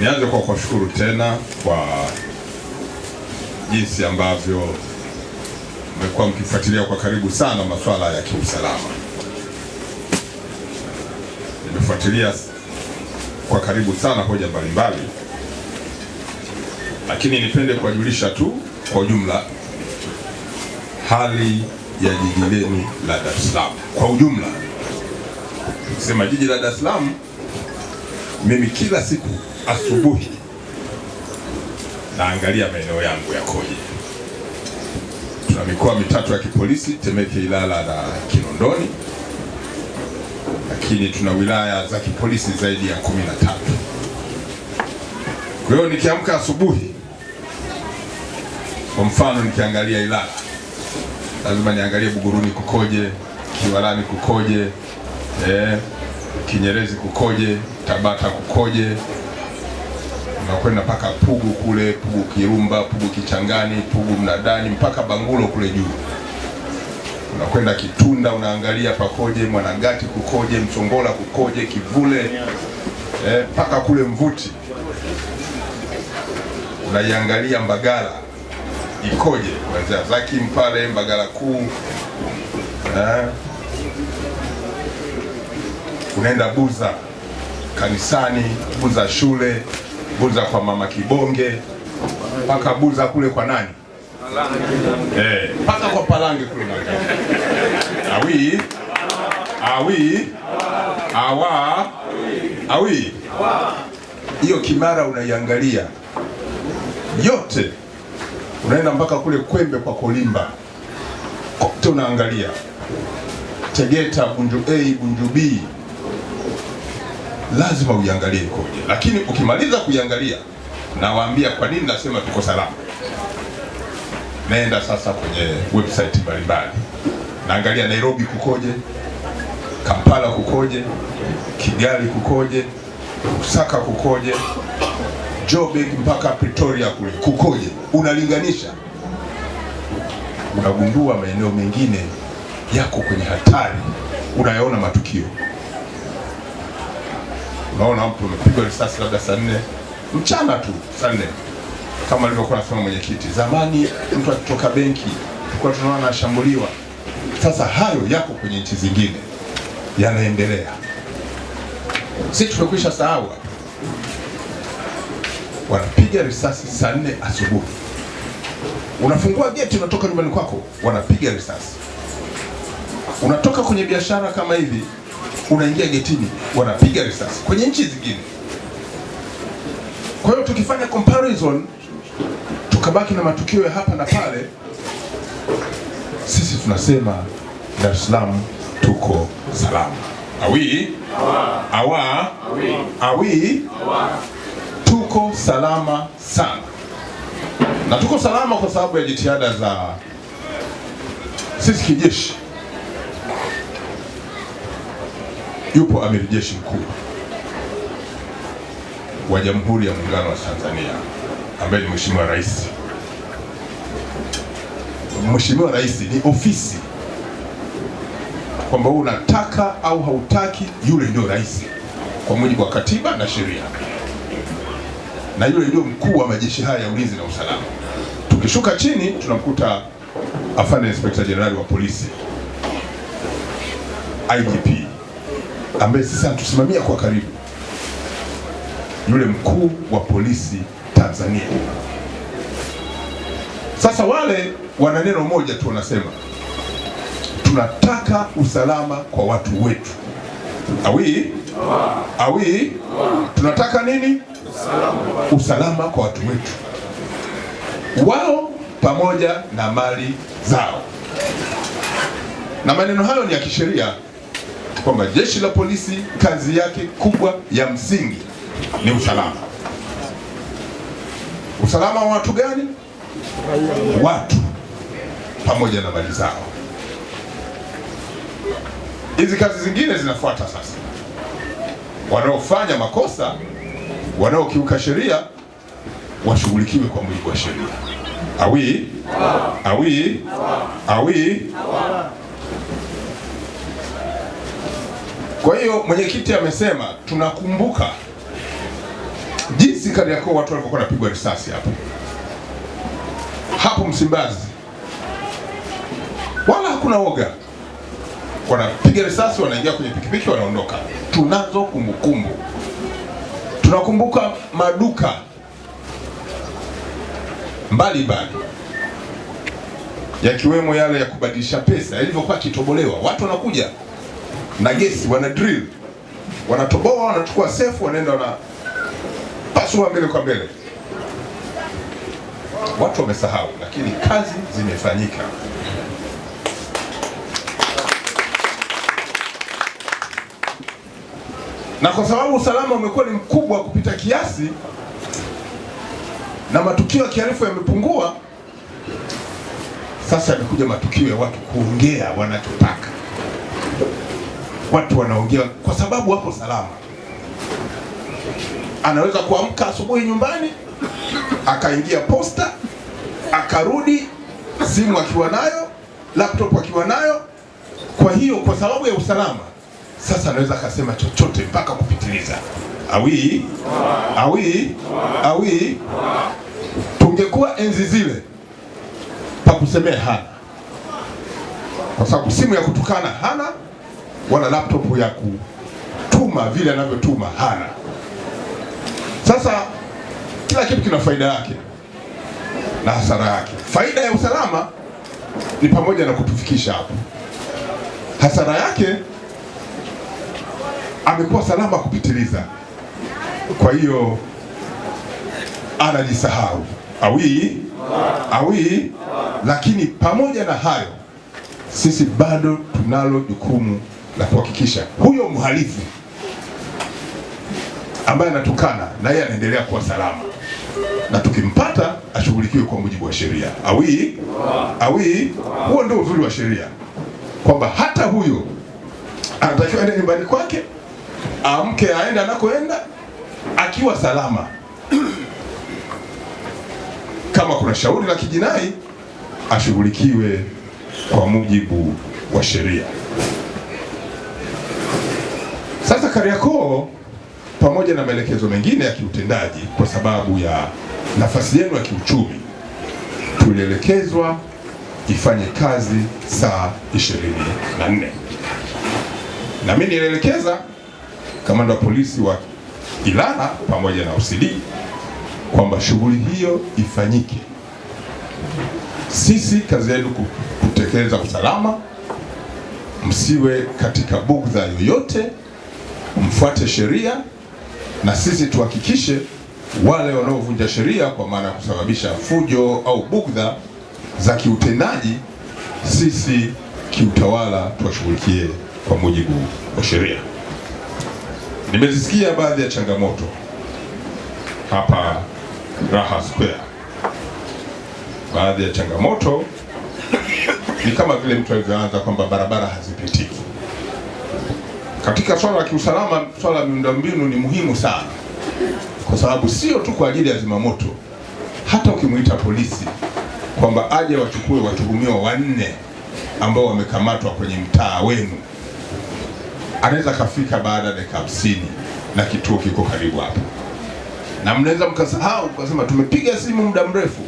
Nianze kwa kuwashukuru tena kwa jinsi ambavyo mmekuwa mkifuatilia kwa karibu sana masuala ya kiusalama. Nimefuatilia kwa karibu sana hoja mbalimbali, lakini nipende kuwajulisha tu kwa ujumla hali ya jiji lenu la Dar es Salaam kwa ujumla. Sema jiji la Dar es Salaam, mimi kila siku asubuhi naangalia maeneo yangu yakoje. Tuna mikoa mitatu ya kipolisi, Temeke, Ilala na Kinondoni, lakini tuna wilaya za kipolisi zaidi ya kumi na tatu. Kwa hiyo nikiamka asubuhi, kwa mfano, nikiangalia Ilala lazima niangalie Buguruni kukoje, Kiwalani kukoje, eh, Kinyerezi kukoje, Tabata kukoje tunakwenda mpaka Pugu kule, Pugu Kirumba, Pugu Kichangani, Pugu Mnadani, mpaka Bangulo kule juu, unakwenda Kitunda, unaangalia pakoje, Mwanangati kukoje, Msongola kukoje, Kivule eh, mpaka eh, kule Mvuti unaiangalia Mbagala ikoje kuanzia Zaki mpale Mbagala kuu eh, unaenda Buza kanisani, Buza shule Buza kwa mama Kibonge mpaka Buza kule kwa nani mpaka eh, kwa Palange kule awi awi awa awi hiyo Kimara unaiangalia yote, unaenda mpaka kule Kwembe kwa Kolimba kote unaangalia Tegeta Bunju A Bunju B lazima uiangalie ikoje, lakini ukimaliza kuiangalia, nawaambia kwa nini nasema tuko salama. Naenda sasa kwenye website mbalimbali, naangalia Nairobi kukoje, Kampala kukoje, Kigali kukoje, Lusaka kukoje, Joburg mpaka Pretoria kule kukoje, unalinganisha, unagundua maeneo mengine yako kwenye hatari, unayaona matukio unaona mtu umepigwa risasi labda saa nne mchana tu, saa nne kama alivyokuwa anasema mwenyekiti. Zamani mtu akitoka benki tulikuwa tunaona anashambuliwa. Sasa hayo yako kwenye nchi zingine yanaendelea, si tumekwisha sahau. Wanapiga risasi saa nne asubuhi, unafungua geti, unatoka nyumbani kwako, wanapiga risasi. Unatoka kwenye biashara kama hivi unaingia getini, wanapiga risasi kwenye nchi zingine. Kwa hiyo tukifanya comparison tukabaki na matukio ya hapa na pale, sisi tunasema Dar es Salaam tuko salama. Awi awa awi, tuko salama sana, na tuko salama kwa sababu ya jitihada za sisi kijeshi yupo amiri jeshi mkuu wa Jamhuri ya Muungano wa Tanzania ambaye ni Mheshimiwa Rais. Mheshimiwa Rais ni ofisi, kwamba unataka au hautaki, yule ndio rais kwa mujibu wa katiba na sheria, na yule ndio mkuu wa majeshi haya ya ulinzi na usalama. Tukishuka chini tunamkuta afande Inspekta Jenerali wa polisi IGP ambaye sisi anatusimamia kwa karibu, yule mkuu wa polisi Tanzania. Sasa wale wana neno moja tu, wanasema tunataka usalama kwa watu wetu. Awi awi, tunataka nini? Usalama, usalama kwa watu wetu, wao pamoja na mali zao. Na maneno hayo ni ya kisheria kwamba jeshi la polisi kazi yake kubwa ya msingi ni usalama. Usalama wa watu gani? Watu pamoja na mali zao. Hizi kazi zingine zinafuata sasa. Wanaofanya makosa, wanaokiuka sheria washughulikiwe kwa mujibu wa sheria. Awi awi awi kwa hiyo mwenyekiti amesema tunakumbuka jinsi Kariakoo watu walikuwa wanapigwa risasi hapo hapo Msimbazi, wala hakuna woga, wanapiga risasi, wanaingia kwenye pikipiki, wanaondoka. Tunazo kumbukumbu, tunakumbuka maduka mbalimbali yakiwemo yale ya kubadilisha pesa yalivyokuwa kitobolewa, watu wanakuja na gesi, wana drill, wanatoboa, wanachukua sefu, wanaenda na pasua mbele kwa mbele. Watu wamesahau, lakini kazi zimefanyika. Na kwa sababu usalama umekuwa ni mkubwa kupita kiasi na matukio ya kihalifu yamepungua, sasa yamekuja matukio ya watu kuongea wanachotaka watu wanaongea kwa sababu wapo salama. Anaweza kuamka asubuhi nyumbani akaingia posta akarudi, simu akiwa nayo, laptop akiwa nayo. Kwa hiyo kwa sababu ya usalama, sasa anaweza akasema chochote mpaka kupitiliza. Awi awi awi, tungekuwa enzi zile pa kusemea hana, kwa sababu simu ya kutukana hana wala laptop ya kutuma vile anavyotuma hana. Sasa kila kitu kina faida yake na hasara yake. Faida ya usalama ni pamoja na kutufikisha hapo. Hasara yake amekuwa salama kupitiliza, kwa hiyo anajisahau awii awii. Lakini pamoja na hayo, sisi bado tunalo jukumu la kuhakikisha huyo mhalifu ambaye anatukana na yeye anaendelea kuwa salama, na tukimpata ashughulikiwe kwa mujibu wa sheria. Awi awi, huo ndio uzuri wa sheria, kwamba hata huyo anatakiwa aende nyumbani kwake, amke aende anakoenda akiwa salama. Kama kuna shauri la kijinai, ashughulikiwe kwa mujibu wa sheria. Sasa Kariakoo pamoja na maelekezo mengine ya kiutendaji, kwa sababu ya nafasi yenu ya kiuchumi, tulielekezwa ifanye kazi saa 24 na mimi nilielekeza kamanda wa polisi wa Ilala pamoja na OCD kwamba shughuli hiyo ifanyike. Sisi kazi yetu kutekeleza usalama, msiwe katika bugdha yoyote mfuate sheria na sisi tuhakikishe wale wanaovunja sheria kwa maana ya kusababisha fujo au bugdha za kiutendaji, sisi kiutawala tuwashughulikie kwa mujibu wa sheria. Nimezisikia baadhi ya changamoto hapa Raha Square. Baadhi ya changamoto ni kama vile mtu alivyoanza kwamba barabara hazipitiki. Katika swala la kiusalama, swala la miundombinu ni muhimu sana, kwa sababu sio tu kwa ajili ya zimamoto. Hata ukimwita polisi kwamba aje wachukue watuhumiwa wanne ambao wamekamatwa kwenye mtaa wenu, anaweza kafika baada ya dakika hamsini na kituo kiko karibu hapo, na mnaweza mkasahau kasema tumepiga simu muda mrefu,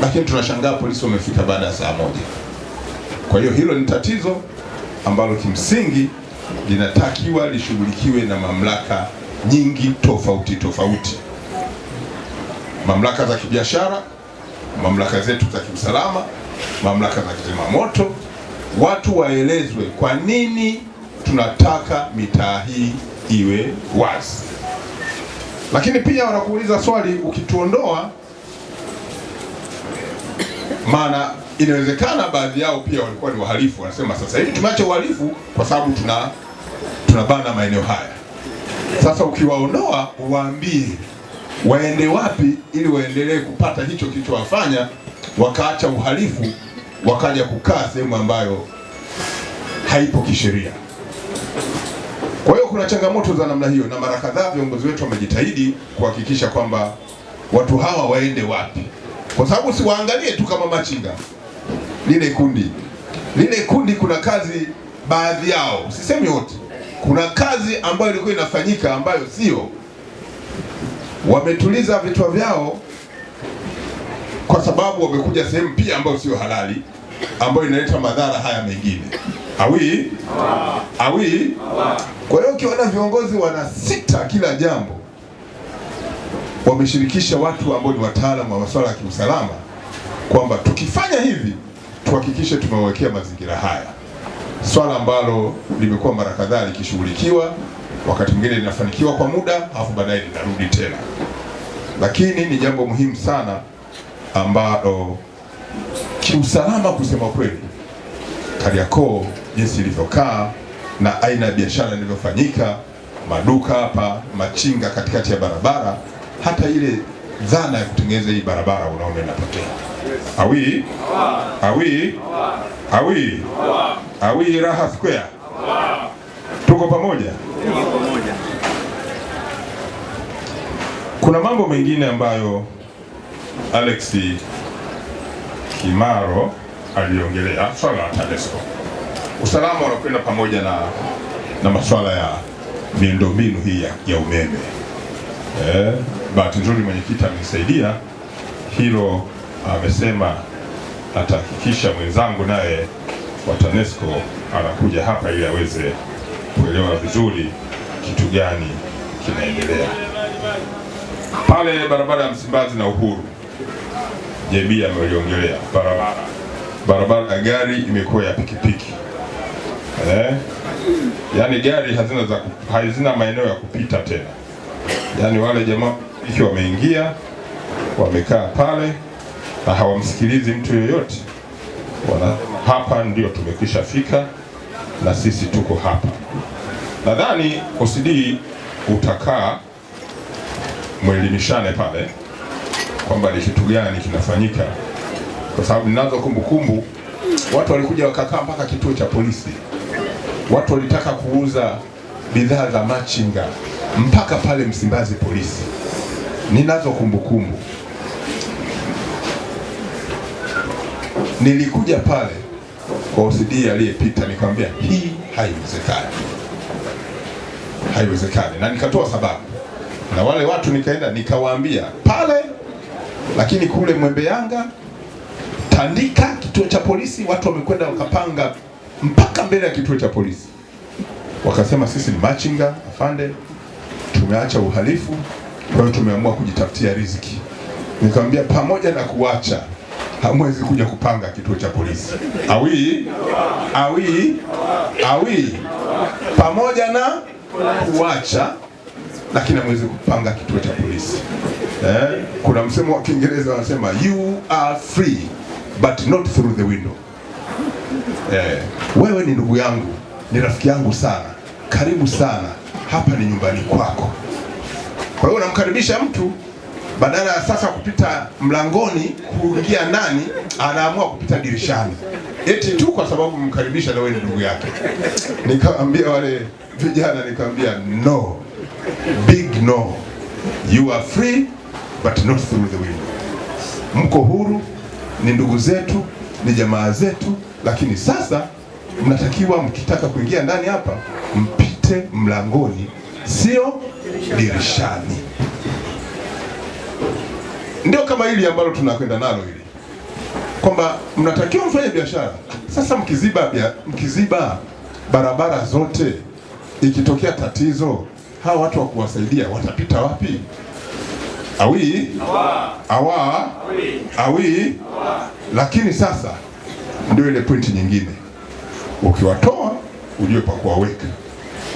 lakini tunashangaa polisi wamefika baada ya saa moja. Kwa hiyo hilo ni tatizo ambalo kimsingi linatakiwa lishughulikiwe na mamlaka nyingi tofauti tofauti, mamlaka za kibiashara, mamlaka zetu za kiusalama, mamlaka za kizimamoto. Watu waelezwe kwa nini tunataka mitaa hii iwe wazi. Lakini pia wanakuuliza swali, ukituondoa maana inawezekana baadhi yao pia walikuwa ni wahalifu, wanasema sasa hivi tumeacha uhalifu kwa sababu tuna tunabana maeneo haya. Sasa ukiwaonoa uwaambie waende wapi ili waendelee kupata hicho kilichowafanya wakaacha uhalifu wakaja kukaa sehemu ambayo haipo kisheria. Kwa hiyo kuna changamoto za namna hiyo, na mara kadhaa viongozi wetu wamejitahidi kuhakikisha kwamba watu hawa waende wapi, kwa sababu siwaangalie tu kama machinga lile kundi lile kundi, kuna kazi baadhi yao, sisemi wote, kuna kazi ambayo ilikuwa inafanyika ambayo sio, wametuliza vichwa vyao kwa sababu wamekuja sehemu pia ambayo sio halali, ambayo inaleta madhara haya mengine. Awi awi. Kwa hiyo ukiona viongozi wanasita kila jambo, wameshirikisha watu ambao ni wataalamu wa masuala ya kiusalama, kwamba tukifanya hivi tuhakikishe tumewekea mazingira haya, swala ambalo limekuwa mara kadhaa likishughulikiwa, wakati mwingine linafanikiwa kwa muda alafu baadaye linarudi tena, lakini ni jambo muhimu sana ambalo kiusalama, kusema kweli, Kariakoo jinsi ilivyokaa na aina ya biashara inavyofanyika, maduka hapa, machinga katikati ya barabara, hata ile dhana ya kutengeneza hii barabara unaona inapotea. Awi awi awi awi Raha Square, tuko pamoja. Kuna mambo mengine ambayo Alex Kimaro aliongelea, swala la TANESCO, usalama unakwenda pamoja na, na masuala ya miundombinu hii ya, ya umeme eh bahati nzuri mwenyekiti amenisaidia hilo, amesema atahakikisha mwenzangu naye wa TANESCO anakuja hapa ili aweze kuelewa vizuri kitu gani kinaendelea pale barabara ya Msimbazi na Uhuru. JB ameliongelea barabara barabara ya gari imekuwa ya pikipiki eh? Yaani gari hazina, za, hazina maeneo ya kupita tena, yaani wale jamaa waandishi wameingia wamekaa pale na hawamsikilizi mtu yoyote, wana hapa ndio tumekwisha fika na sisi tuko hapa. Nadhani OCD utakaa mwelimishane pale kwamba ni kitu gani kinafanyika, kwa sababu ninazo kumbukumbu watu walikuja wakakaa mpaka kituo cha polisi, watu walitaka kuuza bidhaa za machinga mpaka pale Msimbazi polisi ninazo kumbukumbu. Nilikuja pale kwa OCD aliyepita, nikamwambia hii haiwezekani, haiwezekani, na nikatoa sababu na wale watu nikaenda nikawaambia pale, lakini kule mwembe yanga Tandika, kituo cha polisi, watu wamekwenda wakapanga mpaka mbele ya kituo cha polisi, wakasema sisi ni machinga afande, tumeacha uhalifu kwa hiyo tumeamua kujitafutia riziki. Nikamwambia pamoja na kuacha hamwezi kuja kupanga kituo cha polisi awi awi awi, pamoja na kuacha lakini hamwezi kupanga kituo cha polisi eh? Kuna msemo wa Kiingereza wanasema you are free but not through the window eh. Wewe ni ndugu yangu, ni rafiki yangu sana, karibu sana, hapa ni nyumbani kwako. Kwa hiyo unamkaribisha mtu badala ya sasa kupita mlangoni kuingia ndani, anaamua kupita dirishani eti tu kwa sababu mkaribisha na wewe ni ndugu yake. Nikamwambia wale vijana, nikamwambia no, big no, you are free but not through the window. Mko huru, ni ndugu zetu, ni jamaa zetu, lakini sasa mnatakiwa mkitaka kuingia ndani hapa mpite mlangoni, sio dirishani. Ndio kama hili ambalo tunakwenda nalo hili kwamba mnatakiwa mfanye biashara. Sasa mkiziba bia, mkiziba barabara zote, ikitokea tatizo, hawa watu wa kuwasaidia watapita wapi? Awi awa awi. Lakini sasa ndio ile pointi nyingine, ukiwatoa ujue pa kuwaweka.